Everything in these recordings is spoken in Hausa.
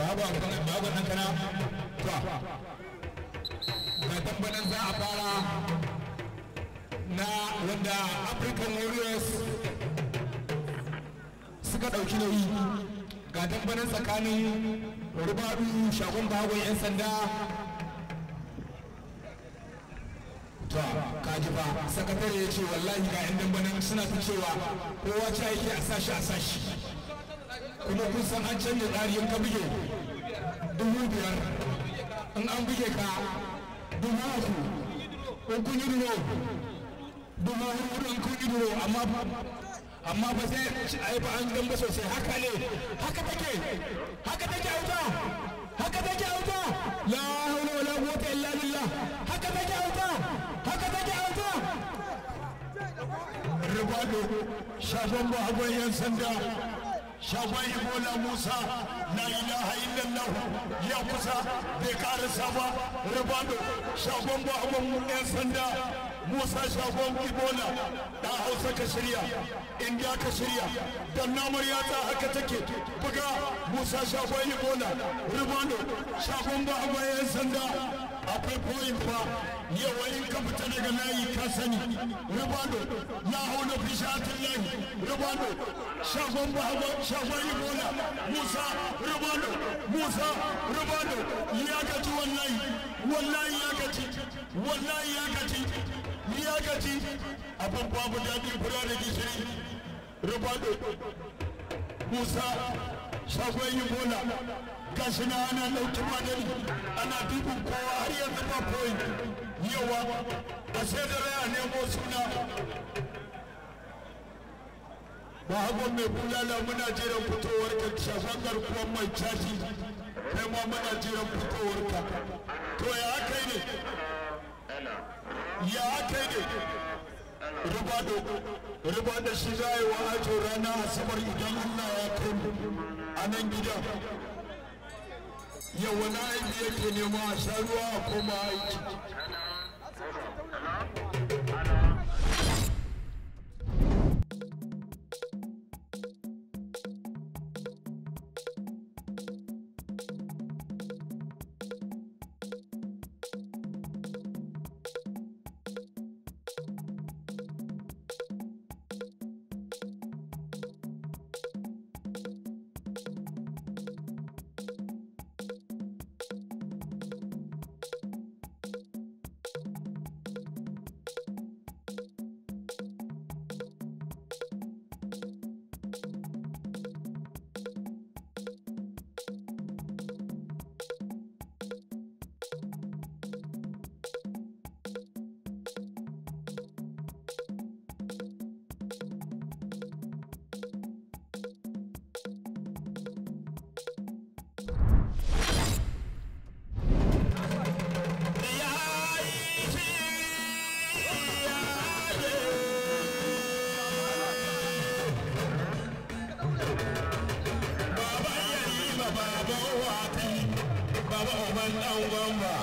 babu amfani babu dan to ga tambayan za a fara na wanda African Warriors suka ɗauki nauyi ga tambayan tsakanin rubadu shagon bagon yan sanda to kaji ba sakatare ya ce wallahi ga yan suna ta cewa kowa ce yake a sashi a sashi kuma kun san an canza tsari in ka buge dubu biyar in an buge ka dubu uku in kun yi duro dubu hudu in kun yi duro amma amma ba sai a yi ba an gamba sosai haka ne haka take haka take auta haka take auta la haula wala quwwata illa billah haka take auta haka take auta rubado shafan ba hagon yan sanda shagwayi bola musa la ilaha illallah ya kusa bai karasa ba rabado shagon ba yan sanda musa shagon ibola da hausa ka shirya inda ka shirya don namar yatsa haka take buga musa shagon ibola rabado shagon ba yan sanda akwai koyin fa yau wani ka fita daga layi ka sani ribado na hau na fi shatin layi ribado shagon bahago shagon ibola musa ribado musa ribado ya gaji wallahi wallahi ya gaji wallahi ya gaji ya gaji abin babu daɗi fura da gishiri ribado musa shagon ibola gashi na ana ɗauki magani ana dubin kowa har yanzu ba point yawa a sai da raya nemo suna ba hagon mai bulala muna jiran fitowar ka shafan garkuwan mai caji kai ma muna jiran fitowar ka to ya aka yi ne ya aka yi ne ribado ribado shi za a yi wa ajo rana asabar idan allah ya kai a nan gida yau wani aiki yake nema a ko ma aiki baba uban dan gwamba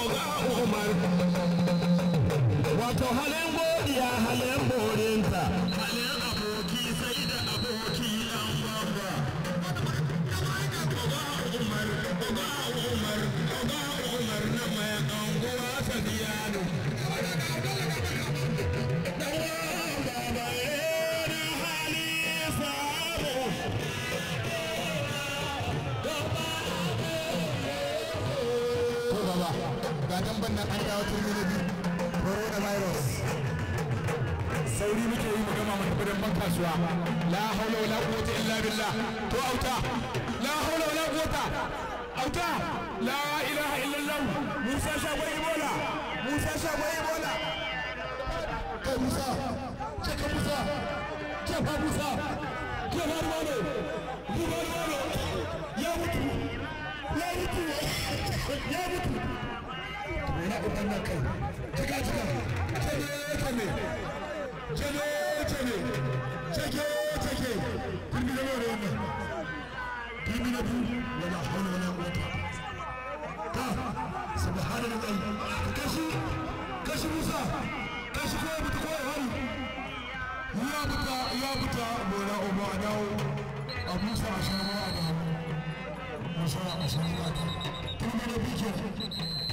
oga umar wato halin godiya halin borin kakan bannan an dawo turmi biyu coronavirus sauri muke yi mu gama mu tafi dan ban kasuwa la haula wala quwwata illa billah to auta la haula wala quwwata auta la ilaha illallah musa shagwai ibola musa shagwai ibola kai musa ce ka musa ce fa musa ce fa ruwano ruwano ya mutu ya mutu ya mutu ina kuɗin na kai cika cika cike ne cike cike cike cike turbi da lori wannan turbi na biyu wala haula wala quwwata ta subhanallahi kashi kashi musa kashi ko mutu ko hari ya buta ya buta bola obo adawo a musa a shamawa da hannu musa a shamawa da turbi na biyu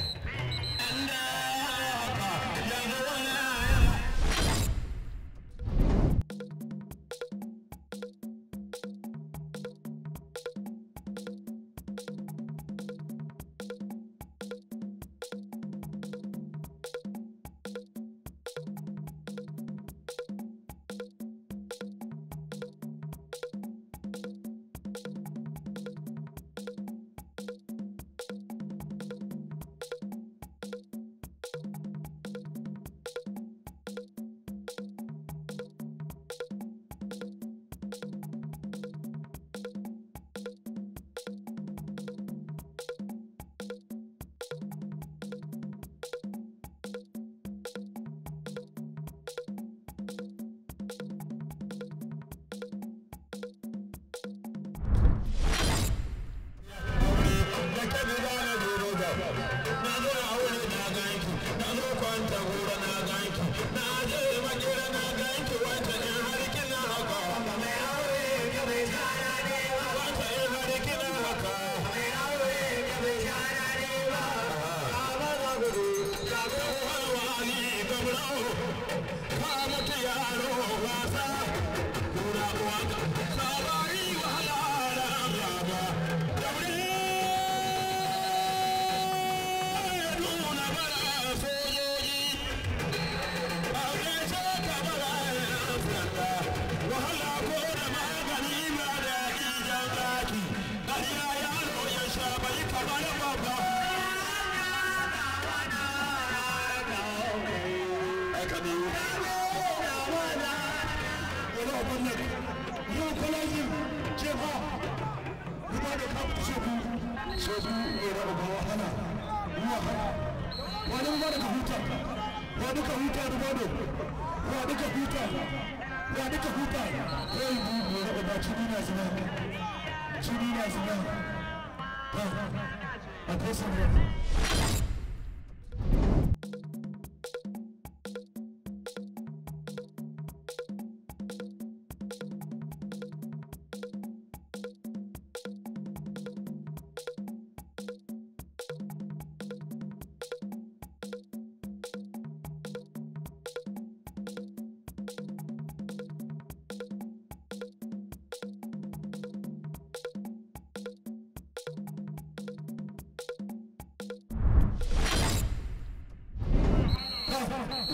shehu kuma ya huta wa duka ya